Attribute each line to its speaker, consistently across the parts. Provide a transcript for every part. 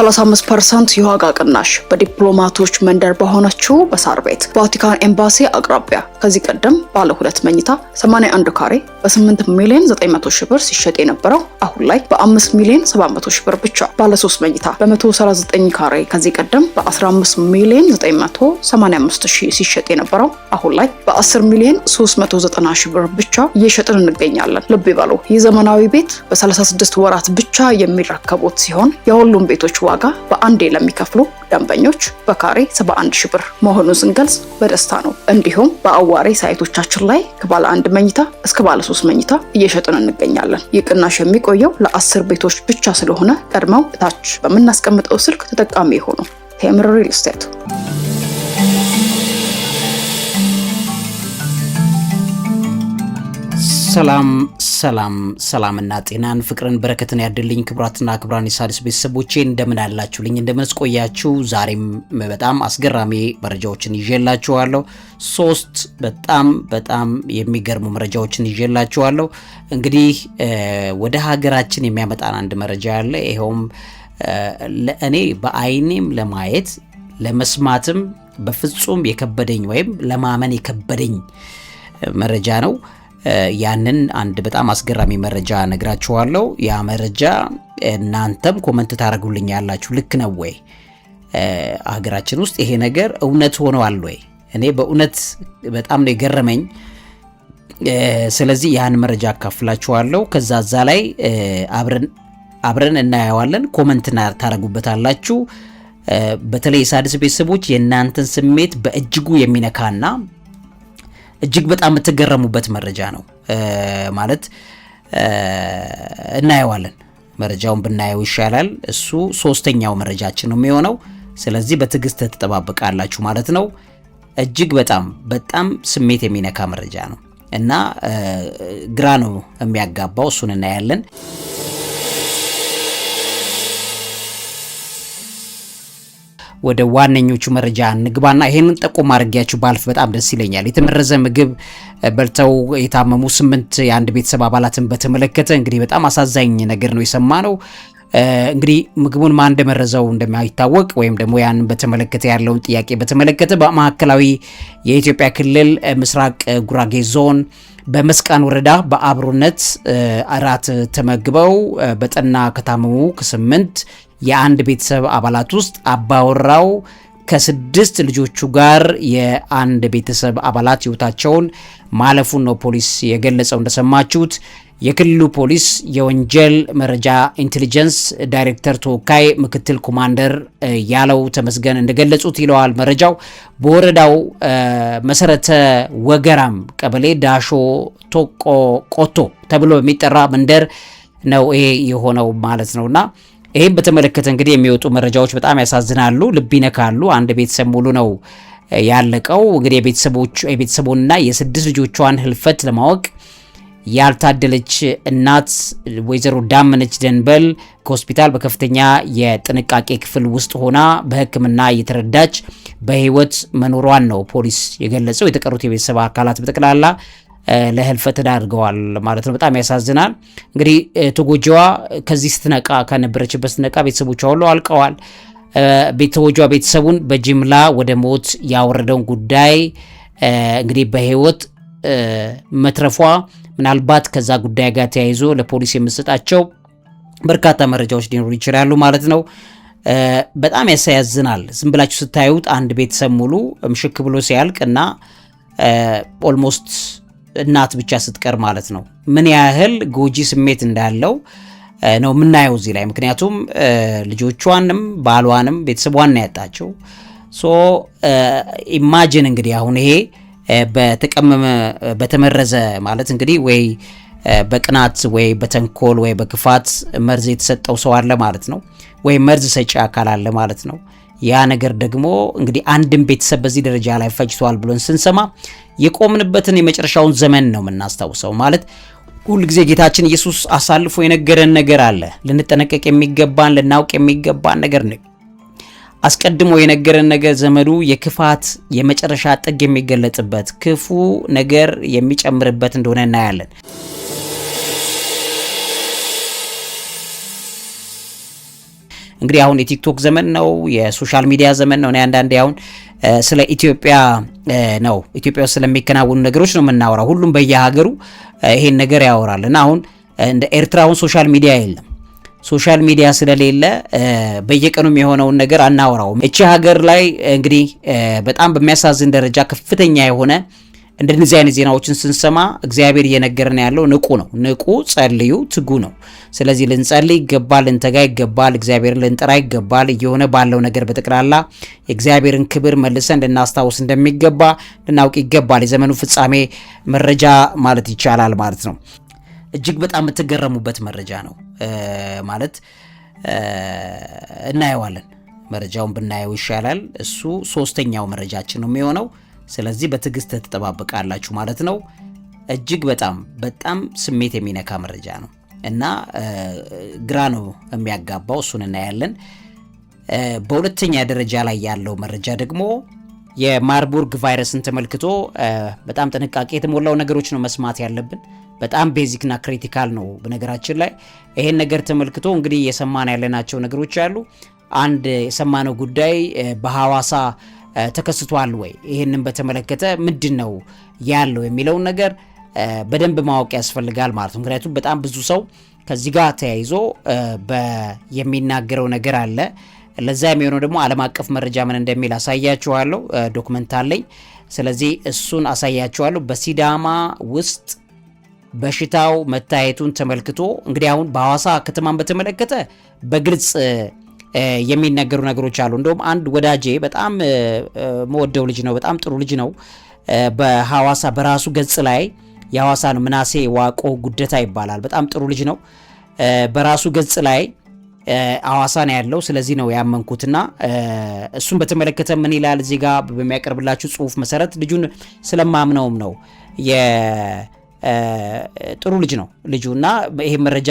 Speaker 1: 35 ፐርሰንት የዋጋ ቅናሽ በዲፕሎማቶች መንደር በሆነችው በሳር ቤት ቫቲካን ኤምባሲ አቅራቢያ ከዚህ ቀደም ባለ ሁለት መኝታ 81 ካሬ በ8 ሚሊዮን 900 ሺህ ብር ሲሸጥ የነበረው አሁን ላይ በ5 ሚሊዮን 700 ሺህ ብር ብቻ፣ ባለ 3 መኝታ በ139 ካሬ ከዚህ ቀደም በ15 ሚሊዮን 985 ሺህ ሲሸጥ የነበረው አሁን ላይ በ10 ሚሊዮን 390 ሺህ ብር ብቻ እየሸጥን እንገኛለን። ልብ ይበሉ፣ ይህ ዘመናዊ ቤት በ36 ወራት ብቻ የሚረከቡት ሲሆን የሁሉም ቤቶች ዋጋ በአንዴ ለሚከፍሉ ደንበኞች በካሬ 71 ሺ ብር መሆኑን ስንገልጽ በደስታ ነው። እንዲሁም በአዋሬ ሳይቶቻችን ላይ ከባለ አንድ መኝታ እስከ ባለ ሶስት መኝታ እየሸጥን እንገኛለን። ይህ ቅናሽ የሚቆየው ለአስር ቤቶች ብቻ ስለሆነ ቀድመው እታች በምናስቀምጠው ስልክ ተጠቃሚ የሆኑ ቴምር ሪል ስቴት ሰላም ሰላም ሰላምና ጤናን ፍቅርን በረከትን ያድልኝ ክቡራትና ክቡራን የሣድስ ቤተሰቦቼ እንደምን አላችሁልኝ? እንደምን ስቆያችሁ? ዛሬም በጣም አስገራሚ መረጃዎችን ይዤላችኋለሁ። ሶስት በጣም በጣም የሚገርሙ መረጃዎችን ይዤላችኋለሁ። እንግዲህ ወደ ሀገራችን የሚያመጣን አንድ መረጃ አለ። ይኸውም ለእኔ በአይኔም ለማየት ለመስማትም በፍጹም የከበደኝ ወይም ለማመን የከበደኝ መረጃ ነው። ያንን አንድ በጣም አስገራሚ መረጃ ነግራችኋለሁ። ያ መረጃ እናንተም ኮመንት ታደርጉልኝ ያላችሁ ልክ ነው ወይ ሀገራችን ውስጥ ይሄ ነገር እውነት ሆነዋል ወይ? እኔ በእውነት በጣም ነው የገረመኝ። ስለዚህ ያን መረጃ አካፍላችኋለሁ። ከዛ ዛ ላይ አብረን እናየዋለን። ኮመንት ታደርጉበታላችሁ። በተለይ የሣድስ ቤተሰቦች የእናንተን ስሜት በእጅጉ የሚነካና እጅግ በጣም የምትገረሙበት መረጃ ነው ማለት እናየዋለን። መረጃውን ብናየው ይሻላል። እሱ ሶስተኛው መረጃችን ነው የሚሆነው። ስለዚህ በትዕግስት ትጠባበቃላችሁ ማለት ነው። እጅግ በጣም በጣም ስሜት የሚነካ መረጃ ነው እና ግራ ነው የሚያጋባው። እሱን እናያለን። ወደ ዋነኞቹ መረጃ እንግባና ይሄንን ጠቆም አድርጊያችሁ ባልፍ በጣም ደስ ይለኛል። የተመረዘ ምግብ በልተው የታመሙ ስምንት የአንድ ቤተሰብ አባላትን በተመለከተ እንግዲህ በጣም አሳዛኝ ነገር ነው የሰማ ነው። እንግዲህ ምግቡን ማን እንደመረዘው እንደማይታወቅ ወይም ደግሞ ያን በተመለከተ ያለውን ጥያቄ በተመለከተ በማዕከላዊ የኢትዮጵያ ክልል ምስራቅ ጉራጌ ዞን በመስቃን ወረዳ በአብሮነት እራት ተመግበው በጠና ከታመሙ ከስምንት የአንድ ቤተሰብ አባላት ውስጥ አባወራው ከስድስት ልጆቹ ጋር የአንድ ቤተሰብ አባላት ህይወታቸውን ማለፉን ነው ፖሊስ የገለጸው። እንደሰማችሁት የክልሉ ፖሊስ የወንጀል መረጃ ኢንቴሊጀንስ ዳይሬክተር ተወካይ ምክትል ኮማንደር ያለው ተመስገን እንደገለጹት ይለዋል መረጃው። በወረዳው መሰረተ ወገራም ቀበሌ ዳሾ ቶቆ ቆቶ ተብሎ የሚጠራ መንደር ነው ይሄ የሆነው ማለት ነውና ይህም በተመለከተ እንግዲህ የሚወጡ መረጃዎች በጣም ያሳዝናሉ፣ ልብ ይነካሉ። አንድ ቤተሰብ ሙሉ ነው ያለቀው። እንግዲህ የቤተሰቦቹ የስድስት ልጆቿን ህልፈት ለማወቅ ያልታደለች እናት ወይዘሮ ዳመነች ደንበል ከሆስፒታል በከፍተኛ የጥንቃቄ ክፍል ውስጥ ሆና በሕክምና እየተረዳች በህይወት መኖሯን ነው ፖሊስ የገለጸው። የተቀሩት የቤተሰብ አካላት በጠቅላላ ለህልፈት ተዳርገዋል ማለት ነው። በጣም ያሳዝናል። እንግዲህ ተጎጂዋ ከዚህ ስትነቃ ከነበረችበት ስትነቃ ቤተሰቦቿ ሁሉ አልቀዋል። ተጎጂዋ ቤተሰቡን በጅምላ ወደ ሞት ያወረደውን ጉዳይ እንግዲህ በህይወት መትረፏ ምናልባት ከዛ ጉዳይ ጋር ተያይዞ ለፖሊስ የምሰጣቸው በርካታ መረጃዎች ሊኖሩ ይችላሉ ማለት ነው። በጣም ያሳያዝናል። ዝም ብላችሁ ስታዩት አንድ ቤተሰብ ሙሉ ምሽክ ብሎ ሲያልቅ እና ኦልሞስት እናት ብቻ ስትቀር ማለት ነው ምን ያህል ጎጂ ስሜት እንዳለው ነው የምናየው እዚህ ላይ። ምክንያቱም ልጆቿንም ባሏንም ቤተሰቧን ነው ያጣቸው። ሶ እንግዲህ አሁን ይሄ በተቀመመ በተመረዘ ማለት እንግዲህ ወይ በቅናት ወይ በተንኮል ወይ በክፋት መርዝ የተሰጠው ሰው አለ ማለት ነው፣ ወይ መርዝ ሰጪ አካል አለ ማለት ነው። ያ ነገር ደግሞ እንግዲህ አንድም ቤተሰብ በዚህ ደረጃ ላይ ፈጅቷል ብሎን ስንሰማ የቆምንበትን የመጨረሻውን ዘመን ነው የምናስታውሰው። ማለት ሁልጊዜ ጌታችን ኢየሱስ አሳልፎ የነገረን ነገር አለ። ልንጠነቀቅ የሚገባን ልናውቅ የሚገባን ነገር ነው። አስቀድሞ የነገረን ነገር ዘመኑ የክፋት የመጨረሻ ጥግ የሚገለጥበት ክፉ ነገር የሚጨምርበት እንደሆነ እናያለን። እንግዲህ አሁን የቲክቶክ ዘመን ነው፣ የሶሻል ሚዲያ ዘመን ነው። እኔ አንዳንዴ አሁን ስለ ኢትዮጵያ ነው ኢትዮጵያ ውስጥ ስለሚከናወኑ ነገሮች ነው የምናወራው። ሁሉም በየሀገሩ ይሄን ነገር ያወራል እና አሁን እንደ ኤርትራውን ሶሻል ሚዲያ የለም። ሶሻል ሚዲያ ስለሌለ በየቀኑም የሆነውን ነገር አናወራውም። እቺ ሀገር ላይ እንግዲህ በጣም በሚያሳዝን ደረጃ ከፍተኛ የሆነ እንደነዚህ አይነት ዜናዎችን ስንሰማ እግዚአብሔር እየነገረን ያለው ንቁ ነው። ንቁ፣ ጸልዩ፣ ትጉ ነው። ስለዚህ ልንጸልይ ይገባል፣ ልንተጋ ይገባል፣ እግዚአብሔርን ልንጠራ ይገባል። እየሆነ ባለው ነገር በጠቅላላ የእግዚአብሔርን ክብር መልሰን ልናስታውስ እንደሚገባ ልናውቅ ይገባል። የዘመኑ ፍጻሜ መረጃ ማለት ይቻላል ማለት ነው። እጅግ በጣም የምትገረሙበት መረጃ ነው ማለት እናየዋለን። መረጃውን ብናየው ይሻላል። እሱ ሶስተኛው መረጃችን ነው የሚሆነው። ስለዚህ በትዕግስት ትጠባበቃላችሁ ማለት ነው። እጅግ በጣም በጣም ስሜት የሚነካ መረጃ ነው እና ግራ ነው የሚያጋባው። እሱን እናያለን። በሁለተኛ ደረጃ ላይ ያለው መረጃ ደግሞ የማርቡርግ ቫይረስን ተመልክቶ በጣም ጥንቃቄ የተሞላው ነገሮች ነው መስማት ያለብን። በጣም ቤዚክና ክሪቲካል ነው። በነገራችን ላይ ይሄን ነገር ተመልክቶ እንግዲህ የሰማን ያለናቸው ነገሮች አሉ። አንድ የሰማነው ጉዳይ በሐዋሳ ተከስቷል ወይ፣ ይህንን በተመለከተ ምንድን ነው ያለው የሚለውን ነገር በደንብ ማወቅ ያስፈልጋል ማለት ነው። ምክንያቱም በጣም ብዙ ሰው ከዚህ ጋር ተያይዞ የሚናገረው ነገር አለ። ለዛ የሚሆነው ደግሞ ዓለም አቀፍ መረጃ ምን እንደሚል አሳያችኋለሁ። ዶክመንት አለኝ። ስለዚህ እሱን አሳያችኋለሁ። በሲዳማ ውስጥ በሽታው መታየቱን ተመልክቶ እንግዲህ አሁን በሐዋሳ ከተማን በተመለከተ በግልጽ የሚነገሩ ነገሮች አሉ። እንደውም አንድ ወዳጄ በጣም መወደው ልጅ ነው፣ በጣም ጥሩ ልጅ ነው። በሐዋሳ በራሱ ገጽ ላይ የሐዋሳ ነው፣ ምናሴ ዋቆ ጉደታ ይባላል። በጣም ጥሩ ልጅ ነው። በራሱ ገጽ ላይ ሐዋሳ ነው ያለው። ስለዚህ ነው ያመንኩትና እሱን በተመለከተ ምን ይላል እዚህ ጋር በሚያቀርብላችሁ ጽሁፍ መሰረት ልጁን ስለማምነውም ነው ጥሩ ልጅ ነው ልጁ እና ይሄ መረጃ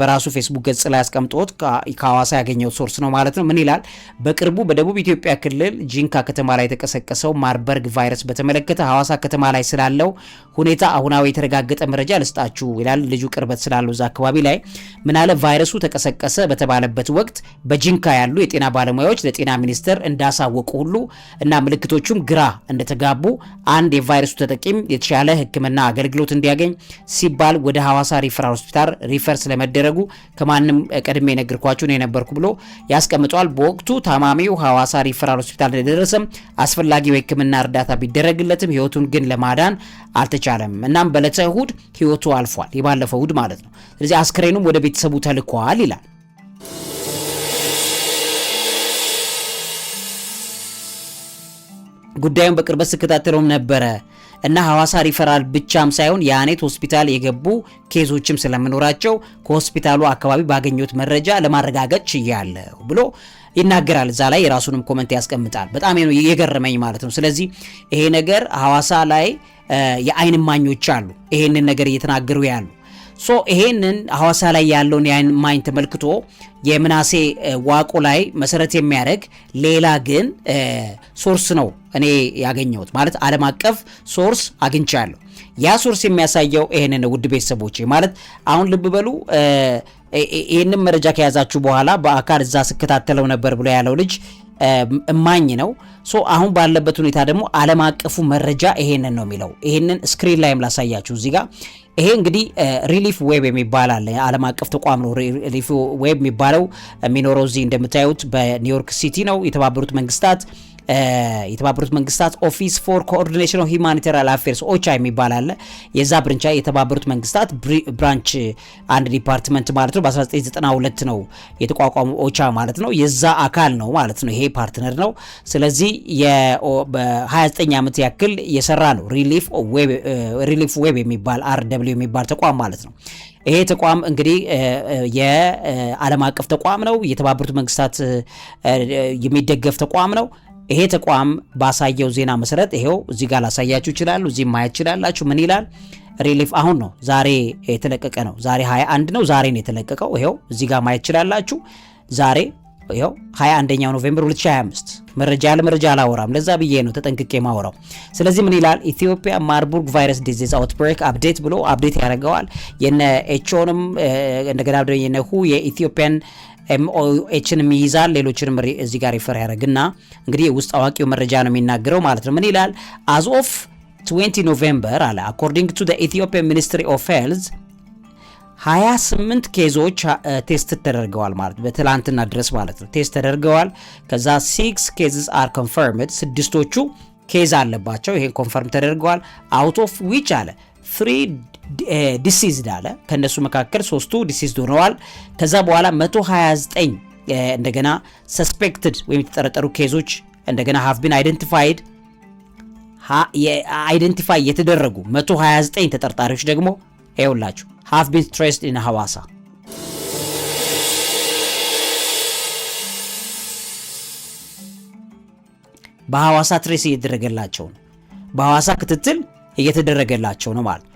Speaker 1: በራሱ ፌስቡክ ገጽ ላይ አስቀምጦት ከሐዋሳ ያገኘው ሶርስ ነው ማለት ነው። ምን ይላል? በቅርቡ በደቡብ ኢትዮጵያ ክልል ጂንካ ከተማ ላይ የተቀሰቀሰው ማርበርግ ቫይረስ በተመለከተ ሐዋሳ ከተማ ላይ ስላለው ሁኔታ አሁናዊ የተረጋገጠ መረጃ ልስጣችሁ ይላል። ልጁ ቅርበት ስላለው እዛ አካባቢ ላይ ምናለ ቫይረሱ ተቀሰቀሰ በተባለበት ወቅት በጂንካ ያሉ የጤና ባለሙያዎች ለጤና ሚኒስቴር እንዳሳወቁ ሁሉ እና ምልክቶቹም ግራ እንደተጋቡ አንድ የቫይረሱ ተጠቂም የተሻለ ሕክምና አገልግሎት እንዲያገኝ ሲባል ወደ ሐዋሳ ሪፈራል ሆስፒታል ሪፈር ስለመ መደረጉ ከማንም ቀድሜ ነግርኳችሁ ነው የነበርኩ ብሎ ያስቀምጧል። በወቅቱ ታማሚው ሐዋሳ ሪፈራል ሆስፒታል እንደደረሰም አስፈላጊው የሕክምና እርዳታ ቢደረግለትም ህይወቱን ግን ለማዳን አልተቻለም። እናም በለተ እሁድ ህይወቱ አልፏል። የባለፈው እሁድ ማለት ነው። ስለዚህ አስክሬኑም ወደ ቤተሰቡ ተልኳል ይላል። ጉዳዩን በቅርበት ስከታተለውም ነበረ እና ሐዋሳ ሪፈራል ብቻም ሳይሆን የአኔት ሆስፒታል የገቡ ኬዞችም ስለመኖራቸው ከሆስፒታሉ አካባቢ ባገኘሁት መረጃ ለማረጋገጥ ችያለሁ ብሎ ይናገራል። እዛ ላይ የራሱንም ኮመንት ያስቀምጣል። በጣም የገረመኝ ማለት ነው። ስለዚህ ይሄ ነገር ሐዋሳ ላይ የአይን አሉ ይሄንን ነገር እየተናገሩ ያሉ ሶ ይሄንን ሐዋሳ ላይ ያለውን የአይን ማኝ ተመልክቶ የምናሴ ዋቁ ላይ መሰረት የሚያደርግ ሌላ ግን ሶርስ ነው እኔ ያገኘሁት ማለት ዓለም አቀፍ ሶርስ አግኝቻለሁ። ያ ሶርስ የሚያሳየው ይሄንን ውድ ቤተሰቦች ማለት አሁን ልብ በሉ ይህንም መረጃ ከያዛችሁ በኋላ በአካል እዛ ስከታተለው ነበር ብሎ ያለው ልጅ እማኝ ነው። ሶ አሁን ባለበት ሁኔታ ደግሞ ዓለም አቀፉ መረጃ ይሄንን ነው የሚለው። ይሄንን ስክሪን ላይም ላሳያችሁ እዚህ ጋር ይሄ እንግዲህ ሪሊፍ ዌብ የሚባል አለ። ዓለም አቀፍ ተቋም ነው ሪሊፍ ዌብ የሚባለው። የሚኖረው እዚህ እንደምታዩት በኒውዮርክ ሲቲ ነው የተባበሩት መንግስታት የተባበሩት መንግስታት ኦፊስ ፎር ኮኦርዲኔሽን ኦፍ ሂማኒታሪያን አፌርስ ኦቻ የሚባል አለ። የዛ ብርንቻ የተባበሩት መንግስታት ብራንች አንድ ዲፓርትመንት ማለት ነው። በ1992 ነው የተቋቋሙ ኦቻ ማለት ነው። የዛ አካል ነው ማለት ነው። ይሄ ፓርትነር ነው። ስለዚህ በ29 ዓመት ያክል የሰራ ነው። ሪሊፍ ዌብ የሚባል አር ደብሊው የሚባል ተቋም ማለት ነው። ይሄ ተቋም እንግዲህ የዓለም አቀፍ ተቋም ነው። የተባበሩት መንግስታት የሚደገፍ ተቋም ነው። ይሄ ተቋም ባሳየው ዜና መሰረት ይሄው እዚህ ጋር ላሳያችሁ ይችላሉ። እዚህ ማየት ይችላላችሁ። ምን ይላል? ሪሊፍ አሁን ነው ዛሬ የተለቀቀ ነው። ዛሬ 21 ነው። ዛሬ ነው የተለቀቀው። ይሄው እዚህ ጋር ማየት ይችላላችሁ። ዛሬ ይሄው 21ኛው ኖቬምበር 2025 መረጃ ያለ መረጃ አላወራም። ለዛ ብዬ ነው ተጠንቅቄ ማወራው። ስለዚህ ምን ይላል ኢትዮጵያ ማርቡርግ ቫይረስ ዲዚዝ አውትብሬክ አፕዴት ብሎ አፕዴት ያደርገዋል። የነ ኤችኦንም እንደገና የነ ሁ የኢትዮጵያን ኤምኦኤችንም ይይዛል። ሌሎችንም እዚህ ጋር ይፈር ያደረግና እንግዲህ ውስጥ አዋቂው መረጃ ነው የሚናገረው ማለት ነው። ምን ይላል? አዝ ኦፍ 20 ኖቬምበር አለ አኮርዲንግ ቱ ኢትዮጵያ ሚኒስትሪ ኦፍ ሄልዝ 28 ኬዞች ቴስት ተደርገዋል ማለት በትላንትና ድረስ ማለት ነው። ቴስት ተደርገዋል። ከዛ 6 ኬዝስ አር ኮንፈርምድ ስድስቶቹ ኬዝ አለባቸው። ይሄን ኮንፈርም ተደርገዋል። አውት ኦፍ ዊች አለ ፍሪ ዲሲዝድ አለ። ከእነሱ መካከል ሶስቱ ዲሲዝድ ሆነዋል። ከዛ በኋላ 129 እንደገና ሰስፔክትድ ወይም የተጠረጠሩ ኬዞች እንደገና ሃቭ ቢን አይደንቲፋይድ አይደንቲፋይ የተደረጉ 129 ተጠርጣሪዎች ደግሞ ይኸውላችሁ ሃቭ ቢን ትሬስድ ኢን ሐዋሳ። በሐዋሳ ትሬስ እየተደረገላቸው ነው። በሐዋሳ ክትትል እየተደረገላቸው ነው ማለት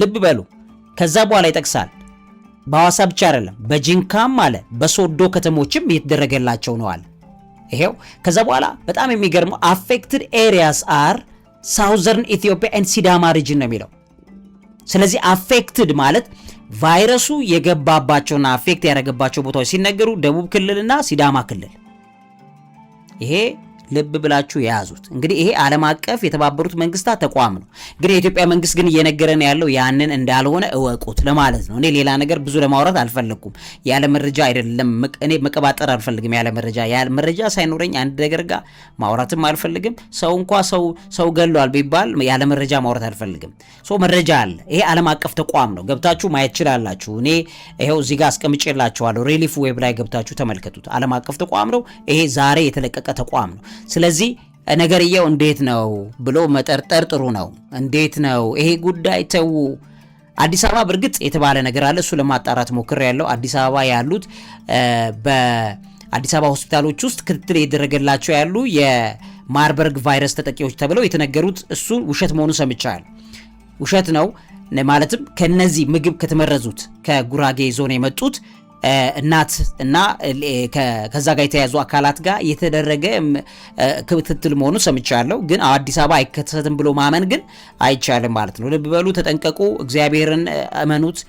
Speaker 1: ልብ በሉ። ከዛ በኋላ ይጠቅሳል በሐዋሳ ብቻ አይደለም በጂንካም አለ በሶዶ ከተሞችም እየተደረገላቸው ነው አለ። ይሄው ከዛ በኋላ በጣም የሚገርመው አፌክትድ ኤሪያስ አር ሳውዘርን ኢትዮጵያ ኤንድ ሲዳማ ሪጅን ነው የሚለው። ስለዚህ አፌክትድ ማለት ቫይረሱ የገባባቸውና አፌክት ያደረገባቸው ቦታዎች ሲነገሩ ደቡብ ክልልና ሲዳማ ክልል ይሄ ልብ ብላችሁ የያዙት እንግዲህ ይሄ ዓለም አቀፍ የተባበሩት መንግስታት ተቋም ነው። እንግዲህ የኢትዮጵያ መንግስት ግን እየነገረን ያለው ያንን እንዳልሆነ እወቁት ለማለት ነው። እኔ ሌላ ነገር ብዙ ለማውራት አልፈለግኩም። ያለ መረጃ አይደለም እኔ መቀባጠር አልፈልግም። ያለ መረጃ ያለ መረጃ ሳይኖረኝ አንድ ነገር ጋር ማውራትም አልፈልግም። ሰው እንኳ ሰው ሰው ገሏል ቢባል ያለ መረጃ ማውራት አልፈልግም። ሶ መረጃ አለ። ይሄ ዓለም አቀፍ ተቋም ነው። ገብታችሁ ማየት ችላላችሁ። እኔ ይኸው እዚህ ጋር አስቀምጬላችኋለሁ። ሪሊፍ ዌብ ላይ ገብታችሁ ተመልከቱት። ዓለም አቀፍ ተቋም ነው። ይሄ ዛሬ የተለቀቀ ተቋም ነው። ስለዚህ ነገርየው እንዴት ነው ብሎ መጠርጠር ጥሩ ነው። እንዴት ነው ይሄ ጉዳይ ተው አዲስ አበባ በእርግጥ የተባለ ነገር አለ። እሱ ለማጣራት ሞክር ያለው አዲስ አበባ ያሉት በአዲስ አበባ ሆስፒታሎች ውስጥ ክትትል የደረገላቸው ያሉ የማርበርግ ቫይረስ ተጠቂዎች ተብለው የተነገሩት እሱ ውሸት መሆኑ ሰምቻል። ውሸት ነው ማለትም ከነዚህ ምግብ ከተመረዙት ከጉራጌ ዞን የመጡት እናት እና ከዛ ጋር የተያዙ አካላት ጋር የተደረገ ክትትል መሆኑ ሰምቻለሁ። ግን አዲስ አበባ አይከሰትም ብሎ ማመን ግን አይቻልም ማለት ነው። ልብ በሉ፣ ተጠንቀቁ፣ እግዚአብሔርን እመኑት።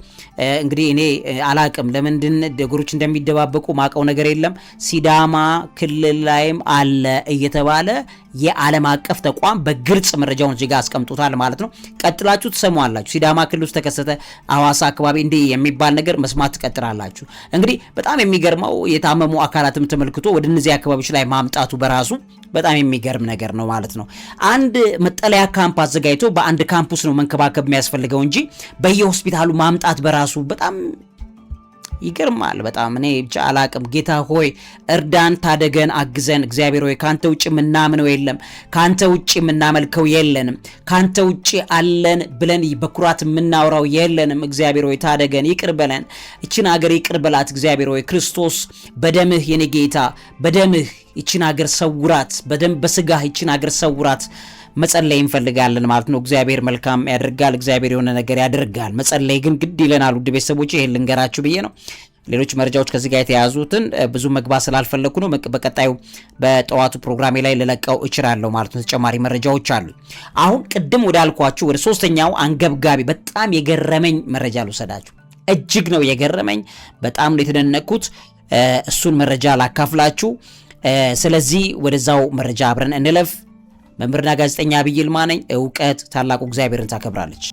Speaker 1: እንግዲህ እኔ አላቅም ለምንድን ነገሮች እንደሚደባበቁ ማቀው ነገር የለም። ሲዳማ ክልል ላይም አለ እየተባለ የዓለም አቀፍ ተቋም በግልጽ መረጃውን እዚጋ አስቀምጦታል ማለት ነው። ቀጥላችሁ ትሰማላችሁ። ሲዳማ ክልል ውስጥ ተከሰተ፣ አዋሳ አካባቢ እንዲህ የሚባል ነገር መስማት ትቀጥላላችሁ። እንግዲህ በጣም የሚገርመው የታመሙ አካላትም ተመልክቶ ወደ እነዚህ አካባቢዎች ላይ ማምጣቱ በራሱ በጣም የሚገርም ነገር ነው ማለት ነው። አንድ መጠለያ ካምፕ አዘጋጅቶ በአንድ ካምፕ ውስጥ ነው መንከባከብ የሚያስፈልገው እንጂ በየሆስፒታሉ ማምጣት በራሱ በጣም ይገርማል በጣም እኔ ብቻ አላቅም። ጌታ ሆይ እርዳን፣ ታደገን፣ አግዘን። እግዚአብሔር ሆይ ካንተ ውጭ የምናምነው የለም፣ ካንተ ውጭ የምናመልከው የለንም፣ ካንተ ውጭ አለን ብለን በኩራት የምናወራው የለንም። እግዚአብሔር ሆይ ታደገን፣ ይቅር በለን፣ ይችን ሀገር ይቅር በላት። እግዚአብሔር ሆይ ክርስቶስ በደምህ የኔ ጌታ በደምህ ይችን ሀገር ሰውራት፣ በደም በስጋህ ይችን ሀገር ሰውራት። መጸለይ እንፈልጋለን ማለት ነው። እግዚአብሔር መልካም ያደርጋል። እግዚአብሔር የሆነ ነገር ያደርጋል። መጸለይ ግን ግድ ይለናል። ውድ ቤተሰቦች ይሄን ልንገራችሁ ብዬ ነው። ሌሎች መረጃዎች ከዚህ ጋር የተያዙትን ብዙ መግባት ስላልፈለግኩ ነው። በቀጣዩ በጠዋቱ ፕሮግራሜ ላይ ልለቀው እችላለሁ ማለት ነው። ተጨማሪ መረጃዎች አሉ። አሁን ቅድም ወዳልኳችሁ ወደ ሶስተኛው አንገብጋቢ በጣም የገረመኝ መረጃ ልውሰዳችሁ። እጅግ ነው የገረመኝ፣ በጣም ነው የተደነቅኩት። እሱን መረጃ ላካፍላችሁ። ስለዚህ ወደዛው መረጃ አብረን እንለፍ። መምህርና ጋዜጠኛ አብይ ይልማ ነኝ። እውቀት ታላቁ እግዚአብሔርን ታከብራለች።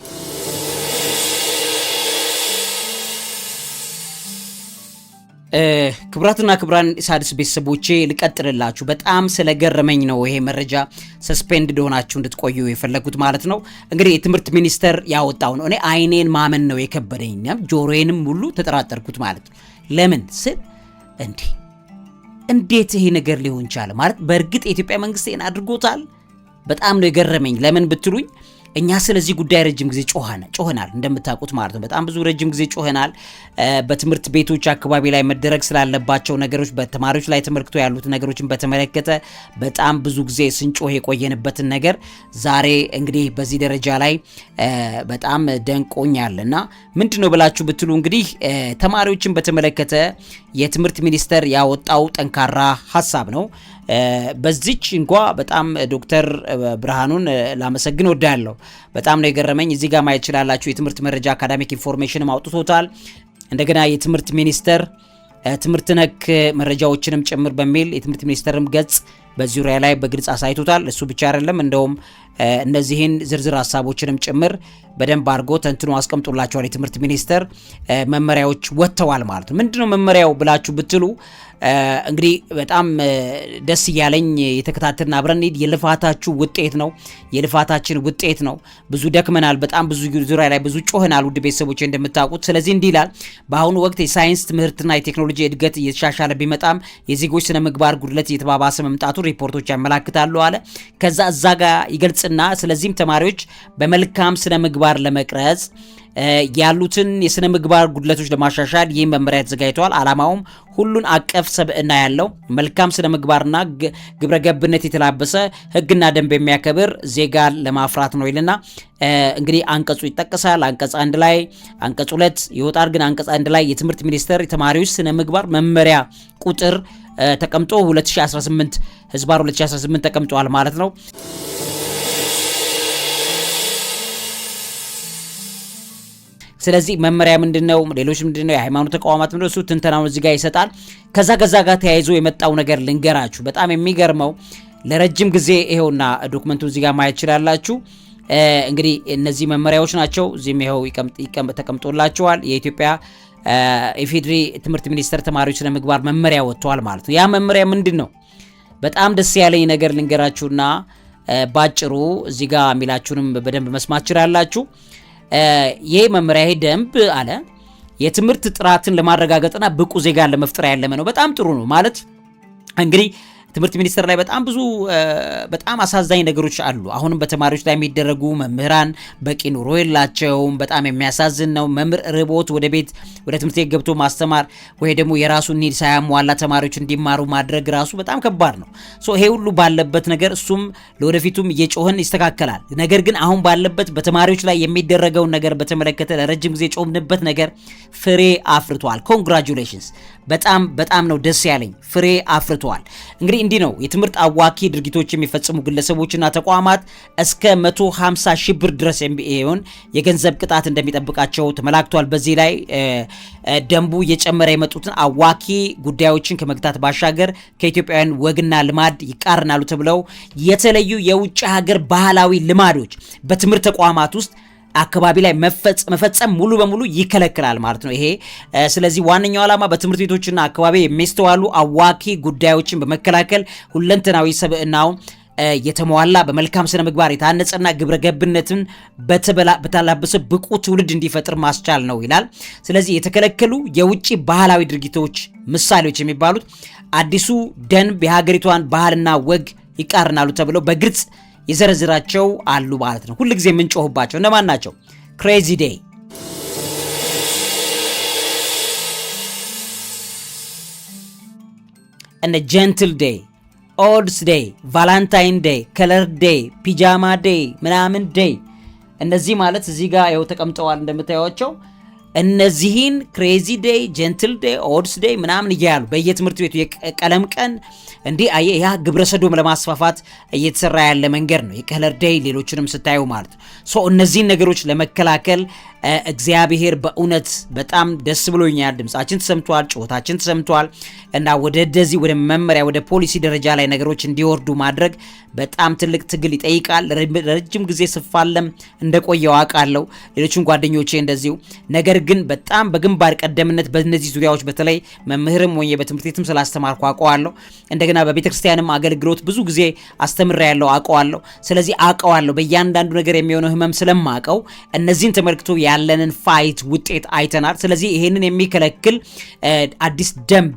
Speaker 1: ክብራትና ክብራን ሳድስ ቤተሰቦቼ ልቀጥልላችሁ። በጣም ስለገረመኝ ነው ይሄ መረጃ ሰስፔንድ እንደሆናችሁ እንድትቆዩ የፈለጉት ማለት ነው። እንግዲህ የትምህርት ሚኒስቴር ያወጣው ነው። እኔ አይኔን ማመን ነው የከበደኝ፣ ጆሮዬንም ሁሉ ተጠራጠርኩት ማለት ነው። ለምን ስል እንዲህ እንዴት ይሄ ነገር ሊሆን ቻለ ማለት በእርግጥ የኢትዮጵያ መንግስት ይህን አድርጎታል በጣም ነው የገረመኝ። ለምን ብትሉኝ እኛ ስለዚህ ጉዳይ ረጅም ጊዜ ጮኸናል፣ እንደምታውቁት ማለት ነው። በጣም ብዙ ረጅም ጊዜ ጮኸናል። በትምህርት ቤቶች አካባቢ ላይ መደረግ ስላለባቸው ነገሮች፣ በተማሪዎች ላይ ተመልክቶ ያሉት ነገሮችን በተመለከተ በጣም ብዙ ጊዜ ስንጮህ የቆየንበትን ነገር ዛሬ እንግዲህ በዚህ ደረጃ ላይ በጣም ደንቆኛል እና ምንድን ነው ብላችሁ ብትሉ እንግዲህ ተማሪዎችን በተመለከተ የትምህርት ሚኒስቴር ያወጣው ጠንካራ ሀሳብ ነው። በዚች እንኳ በጣም ዶክተር ብርሃኑን ላመሰግን ወዳለሁ። በጣም ነው የገረመኝ። እዚህ ጋር ማየት ችላላችሁ። የትምህርት መረጃ አካዳሚክ ኢንፎርሜሽንም አውጥቶታል። እንደገና የትምህርት ሚኒስቴር ትምህርት ነክ መረጃዎችንም ጭምር በሚል የትምህርት ሚኒስቴርም ገጽ በዙሪያ ላይ በግልጽ አሳይቶታል። እሱ ብቻ አይደለም፣ እንደውም እነዚህን ዝርዝር ሀሳቦችንም ጭምር በደንብ አድርጎ ተንትኖ አስቀምጦላቸዋል። የትምህርት ሚኒስቴር መመሪያዎች ወጥተዋል ማለት ነው። ምንድነው መመሪያው ብላችሁ ብትሉ እንግዲህ በጣም ደስ እያለኝ የተከታተልን አብረን ሄድ የልፋታችሁ ውጤት ነው፣ የልፋታችን ውጤት ነው። ብዙ ደክመናል፣ በጣም ብዙ ዙሪያ ላይ ብዙ ጮህናል፣ ውድ ቤተሰቦች እንደምታውቁት። ስለዚህ እንዲህ ይላል፣ በአሁኑ ወቅት የሳይንስ ትምህርትና የቴክኖሎጂ እድገት እየተሻሻለ ቢመጣም የዜጎች ስነ ምግባር ጉድለት እየተባባሰ መምጣቱ ሪፖርቶች ያመላክታሉ አለ። ከዛ እዛ ጋር ይገልጽና ስለዚህም ተማሪዎች በመልካም ስነ ምግባር ለመቅረጽ ያሉትን የስነ ምግባር ጉድለቶች ለማሻሻል ይህ መመሪያ ተዘጋጅተዋል። አላማውም ሁሉን አቀፍ ሰብዕና ያለው መልካም ስነ ምግባርና ግብረ ገብነት የተላበሰ ህግና ደንብ የሚያከብር ዜጋ ለማፍራት ነው ይልና እንግዲህ አንቀጹ ይጠቀሳል። አንቀጽ አንድ ላይ አንቀጽ ሁለት ይወጣል። ግን አንቀጽ አንድ ላይ የትምህርት ሚኒስቴር የተማሪዎች ስነ ምግባር መመሪያ ቁጥር ተቀምጦ 2018 ህዝባር 2018 ተቀምጧል ማለት ነው። ስለዚህ መመሪያ ምንድን ነው? ሌሎች ምንድን ነው? የሃይማኖት ተቋማት ምንድን ነው? እሱ ትንተናውን እዚህ ጋር ይሰጣል። ከዛ ከዛ ጋር ተያይዞ የመጣው ነገር ልንገራችሁ። በጣም የሚገርመው ለረጅም ጊዜ ይሄውና ዶክመንቱ እዚህ ጋር ማየት ይችላላችሁ። እንግዲህ እነዚህ መመሪያዎች ናቸው። እዚህም ይኸው ተቀምጦላችኋል። የኢትዮጵያ ኢፌዴሪ ትምህርት ሚኒስቴር ተማሪዎች ስነ ምግባር መመሪያ ወጥተዋል ማለት ነው። ያ መመሪያ ምንድን ነው? በጣም ደስ ያለኝ ነገር ልንገራችሁና ባጭሩ እዚህ ጋር የሚላችሁንም በደንብ መስማት ችላላችሁ። ይህ መመሪያ ደንብ አለ የትምህርት ጥራትን ለማረጋገጥና ብቁ ዜጋን ለመፍጠር ያለመ ነው። በጣም ጥሩ ነው ማለት እንግዲህ ትምህርት ሚኒስቴር ላይ በጣም ብዙ በጣም አሳዛኝ ነገሮች አሉ። አሁንም በተማሪዎች ላይ የሚደረጉ መምህራን በቂ ኑሮ የላቸውም። በጣም የሚያሳዝን ነው። መምህር ርቦት ወደ ቤት ወደ ትምህርት ቤት ገብቶ ማስተማር ወይ ደግሞ የራሱን ኒድ ሳያሟላ ተማሪዎች እንዲማሩ ማድረግ ራሱ በጣም ከባድ ነው። ሶ ይሄ ሁሉ ባለበት ነገር እሱም ለወደፊቱም እየጮህን ይስተካከላል። ነገር ግን አሁን ባለበት በተማሪዎች ላይ የሚደረገውን ነገር በተመለከተ ለረጅም ጊዜ ጮምንበት ነገር ፍሬ አፍርቷል። ኮንግራጁሌሽንስ በጣም በጣም ነው ደስ ያለኝ። ፍሬ አፍርተዋል። እንግዲህ እንዲህ ነው የትምህርት አዋኪ ድርጊቶች የሚፈጽሙ ግለሰቦችና ተቋማት እስከ 150 ሺህ ብር ድረስ የሚሆን የገንዘብ ቅጣት እንደሚጠብቃቸው ተመላክቷል። በዚህ ላይ ደንቡ እየጨመረ የመጡትን አዋኪ ጉዳዮችን ከመግታት ባሻገር ከኢትዮጵያውያን ወግና ልማድ ይቃረናሉ ተብለው የተለዩ የውጭ ሀገር ባህላዊ ልማዶች በትምህርት ተቋማት ውስጥ አካባቢ ላይ መፈጸም ሙሉ በሙሉ ይከለክላል ማለት ነው ይሄ። ስለዚህ ዋነኛው ዓላማ በትምህርት ቤቶችና አካባቢ የሚስተዋሉ አዋኪ ጉዳዮችን በመከላከል ሁለንተናዊ ሰብዕናው የተሟላ በመልካም ስነ ምግባር የታነጸና ግብረ ገብነትን በተላበሰ ብቁ ትውልድ እንዲፈጥር ማስቻል ነው ይላል። ስለዚህ የተከለከሉ የውጭ ባህላዊ ድርጊቶች ምሳሌዎች የሚባሉት አዲሱ ደንብ የሀገሪቷን ባህልና ወግ ይቃርናሉ ተብለው በግልጽ የዘረዝራቸው አሉ ማለት ነው። ሁልጊዜ የምንጮህባቸው እነማን ናቸው? ክሬዚ ዴይ፣ እነ ጀንትል ዴይ፣ ኦድስ ዴይ፣ ቫላንታይን ዴይ፣ ከለር ዴይ፣ ፒጃማ ዴይ ምናምን ዴይ እነዚህ ማለት እዚህ ጋር ያው ተቀምጠዋል እንደምታዩቸው እነዚህን ክሬዚ ዴይ፣ ጀንትል ዴይ፣ ኦድስ ዴይ ምናምን እያሉ በየትምህርት ቤቱ የቀለም ቀን እንዲህ አየህ፣ ያ ግብረሰዶም ለማስፋፋት እየተሰራ ያለ መንገድ ነው። የከለር ዴይ ሌሎችንም ስታዩ ማለት ነው። እነዚህን ነገሮች ለመከላከል እግዚአብሔር በእውነት በጣም ደስ ብሎኛል። ድምፃችን ተሰምቷል፣ ጩኸታችን ተሰምቷል እና ወደዚህ ወደ መመሪያ ወደ ፖሊሲ ደረጃ ላይ ነገሮች እንዲወርዱ ማድረግ በጣም ትልቅ ትግል ይጠይቃል። ረጅም ጊዜ ስፋለም እንደቆየው አውቃለሁ፣ ሌሎችም ጓደኞቼ እንደዚሁ። ነገር ግን በጣም በግንባር ቀደምነት በእነዚህ ዙሪያዎች በተለይ መምህርም ሆኜ በትምህርት ቤትም ስላስተማርኩ አውቀዋለሁ። እንደገና በቤተክርስቲያንም አገልግሎት ብዙ ጊዜ ያለው አውቀዋለሁ። ስለዚህ አውቀዋለሁ በእያንዳንዱ ነገር የሚሆነው ህመም ስለማውቀው እነዚህን ተመልክቶ ያለንን ፋይት ውጤት አይተናል። ስለዚህ ይሄንን የሚከለክል አዲስ ደንብ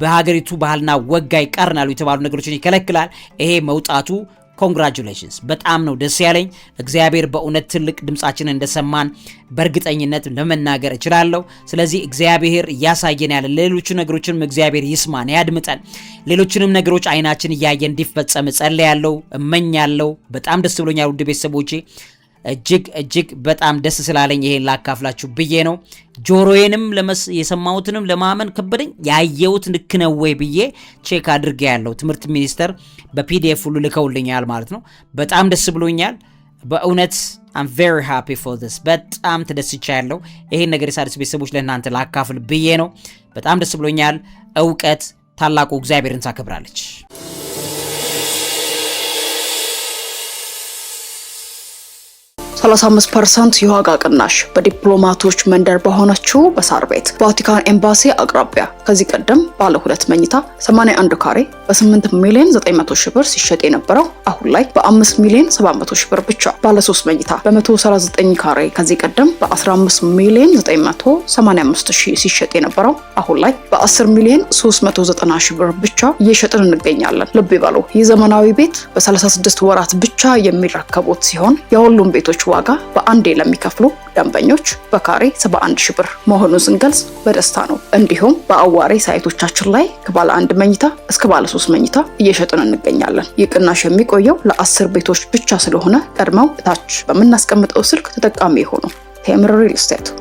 Speaker 1: በሀገሪቱ ባህልና ወጋ ይቃርናሉ የተባሉ ነገሮችን ይከለክላል። ይሄ መውጣቱ ኮንግራጁሌሽንስ በጣም ነው ደስ ያለኝ። እግዚአብሔር በእውነት ትልቅ ድምፃችንን እንደሰማን በእርግጠኝነት ለመናገር እችላለሁ። ስለዚህ እግዚአብሔር እያሳየን ያለ ሌሎቹ ነገሮችንም እግዚአብሔር ይስማን ያድምጠን። ሌሎችንም ነገሮች አይናችን እያየ እንዲፈጸም እጸልያለሁ፣ እመኛለሁ። በጣም ደስ ብሎኛል ውድ ቤተሰቦቼ። እጅግ እጅግ በጣም ደስ ስላለኝ ይሄን ላካፍላችሁ ብዬ ነው። ጆሮዬንም የሰማሁትንም ለማመን ከበደኝ። ያየሁት ልክ ነው ወይ ብዬ ቼክ አድርጌ ያለው ትምህርት ሚኒስቴር በፒዲኤፍ ሁሉ ልከውልኛል ማለት ነው። በጣም ደስ ብሎኛል በእውነት አም ቨሪ ሃፒ ፎር ዲስ በጣም ተደስቻ ያለው ይሄን ነገር የሣድስ ቤተሰቦች ለእናንተ ላካፍል ብዬ ነው። በጣም ደስ ብሎኛል። እውቀት ታላቁ እግዚአብሔርን ታከብራለች። 35 ፐርሰንት የዋጋ ቅናሽ በዲፕሎማቶች መንደር በሆነችው በሳር ቤት ቫቲካን ኤምባሲ አቅራቢያ ከዚህ ቀደም ባለ ሁለት መኝታ 81 ካሬ በ8 ሚሊዮን 900 ሺህ ብር ሲሸጥ የነበረው አሁን ላይ በ5 ሚሊዮን 700 ሺህ ብር ብቻ። ባለ 3 መኝታ በ139 ካሬ ከዚህ ቀደም በ15 ሚሊዮን 985 ሺህ ሲሸጥ የነበረው አሁን ላይ በ10 ሚሊዮን 390 ሺህ ብር ብቻ እየሸጥን እንገኛለን። ልብ ይበሉ፣ ይህ ዘመናዊ ቤት በ36 ወራት ብቻ የሚረከቡት ሲሆን የሁሉም ቤቶች ዋጋ በአንዴ ለሚከፍሉ ደንበኞች በካሬ 71 ሺ ብር መሆኑን ስንገልጽ በደስታ ነው። እንዲሁም በአዋሬ ሳይቶቻችን ላይ ከባለ አንድ መኝታ እስከ ባለ ሶስት መኝታ እየሸጥን እንገኛለን። ይህ ቅናሽ የሚቆየው ለአስር ቤቶች ብቻ ስለሆነ ቀድመው እታች በምናስቀምጠው ስልክ ተጠቃሚ የሆኑ ቴምር ሪል ስቴት